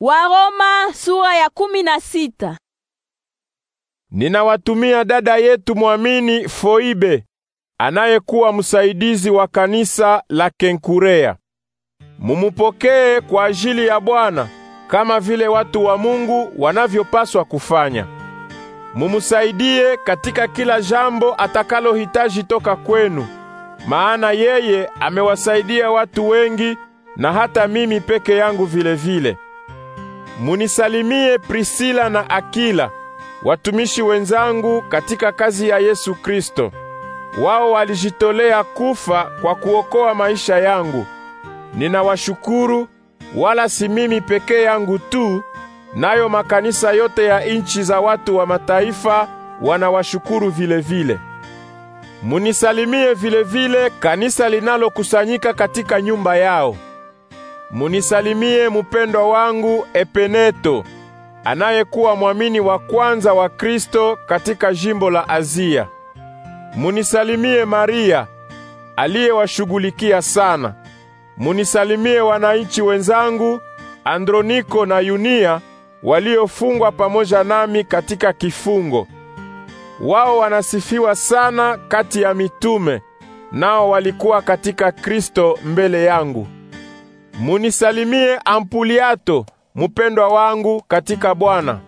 Waroma sura ya kumi na sita. Ninawatumia dada yetu mwamini Foibe anayekuwa msaidizi wa kanisa la Kenkurea. Mumupokee kwa ajili ya Bwana kama vile watu wa Mungu wanavyopaswa kufanya. Mumusaidie katika kila jambo atakalohitaji toka kwenu, maana yeye amewasaidia watu wengi na hata mimi peke yangu vilevile vile munisalimie Prisila na Akila, watumishi wenzangu katika kazi ya Yesu Kristo. Wao walijitolea kufa kwa kuokoa maisha yangu. Ninawashukuru, wala si mimi pekee yangu tu, nayo makanisa yote ya nchi za watu wa mataifa wanawashukuru vile vile. Munisalimie vile vile kanisa linalokusanyika katika nyumba yao. Munisalimie mupendwa wangu Epeneto anayekuwa mwamini wa kwanza wa Kristo katika jimbo la Azia. Munisalimie Maria aliyewashughulikia sana. Munisalimie wananchi wenzangu Androniko na Yunia waliofungwa pamoja nami katika kifungo. Wao wanasifiwa sana kati ya mitume, nao walikuwa katika Kristo mbele yangu. Munisalimie Ampuliato mupendwa wangu katika Bwana.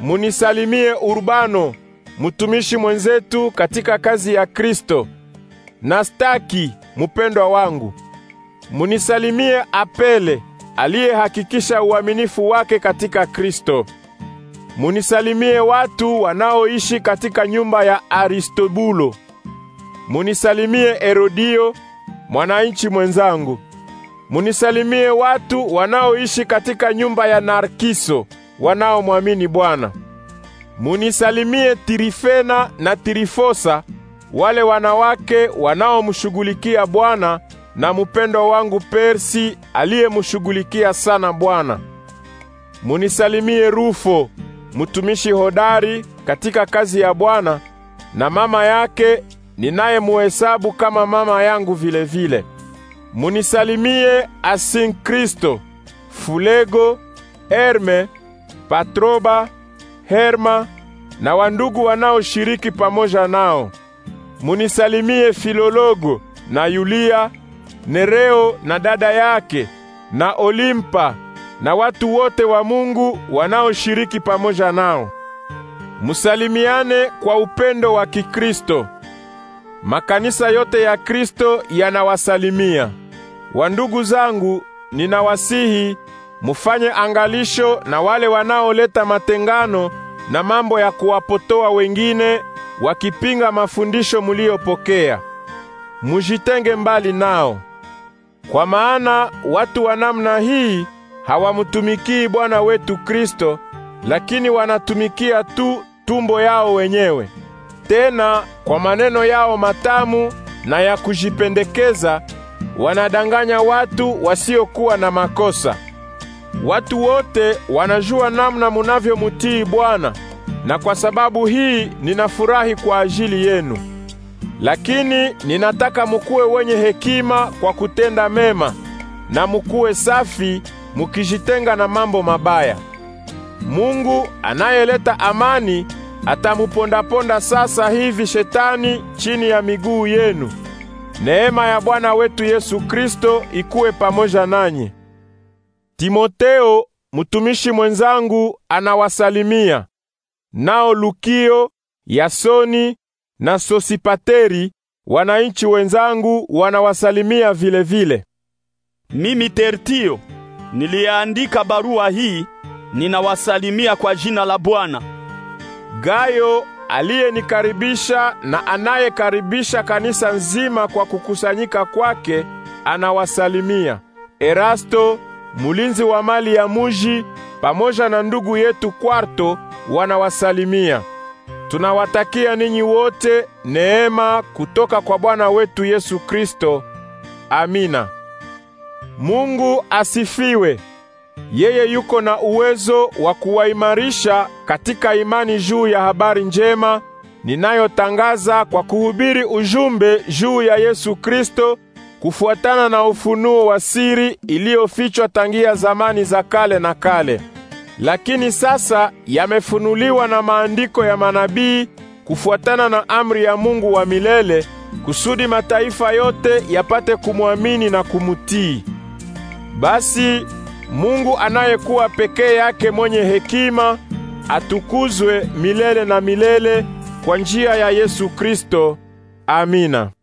Munisalimie Urbano mtumishi mwenzetu katika kazi ya Kristo, na Staki mupendwa wangu. Munisalimie Apele aliyehakikisha uaminifu wake katika Kristo. Munisalimie watu wanaoishi katika nyumba ya Aristobulo. Munisalimie Herodio mwananchi mwenzangu munisalimie watu wanaoishi katika nyumba ya Narkiso wanaomwamini Bwana. Munisalimie Tirifena na Tirifosa, wale wanawake wanaomshughulikia Bwana na mpendwa wangu Persi aliyemshughulikia sana Bwana. Munisalimie Rufo, mtumishi hodari katika kazi ya Bwana na mama yake ninayemuhesabu kama mama yangu vilevile vile. Munisalimie Asinkristo, Fulego, Herme, Patroba, Herma na wandugu wanaoshiriki pamoja nao. Munisalimie Filologo na Yulia, Nereo na dada yake na Olimpa na watu wote wa Mungu wanaoshiriki pamoja nao. Musalimiane kwa upendo wa Kikristo. Makanisa yote ya Kristo yanawasalimia. Wandugu zangu, ninawasihi mufanye angalisho na wale wanaoleta matengano na mambo ya kuwapotoa wengine wakipinga mafundisho muliyopokea. Mujitenge mbali nao. Kwa maana watu wa namna hii hawamtumikii Bwana wetu Kristo, lakini wanatumikia tu tumbo yao wenyewe. Tena kwa maneno yao matamu na ya kujipendekeza wanadanganya watu wasiokuwa na makosa. Watu wote wanajua namna munavyomutii Bwana, na kwa sababu hii ninafurahi kwa ajili yenu. Lakini ninataka mukuwe wenye hekima kwa kutenda mema na mukuwe safi mukijitenga na mambo mabaya. Mungu anayeleta amani atamupondaponda sasa hivi shetani chini ya miguu yenu. Neema ya Bwana wetu Yesu Kristo ikuwe pamoja nanyi. Timoteo mtumishi mwenzangu anawasalimia. Nao Lukio, Yasoni na Sosipateri wananchi wenzangu wanawasalimia vile vile. Mimi Tertio niliandika barua hii, ninawasalimia kwa jina la Bwana. Gayo aliyenikaribisha na anayekaribisha kanisa nzima kwa kukusanyika kwake anawasalimia. Erasto mulinzi wa mali ya muji pamoja na ndugu yetu Kwarto wanawasalimia. Tunawatakia ninyi wote neema kutoka kwa Bwana wetu Yesu Kristo. Amina. Mungu asifiwe. Yeye yuko na uwezo wa kuwaimarisha katika imani juu ya habari njema ninayotangaza kwa kuhubiri ujumbe juu ya Yesu Kristo kufuatana na ufunuo wa siri iliyofichwa tangia zamani za kale na kale, lakini sasa yamefunuliwa na maandiko ya manabii kufuatana na amri ya Mungu wa milele, kusudi mataifa yote yapate kumwamini na kumutii. Basi Mungu anayekuwa pekee yake mwenye hekima atukuzwe milele na milele kwa njia ya Yesu Kristo. Amina.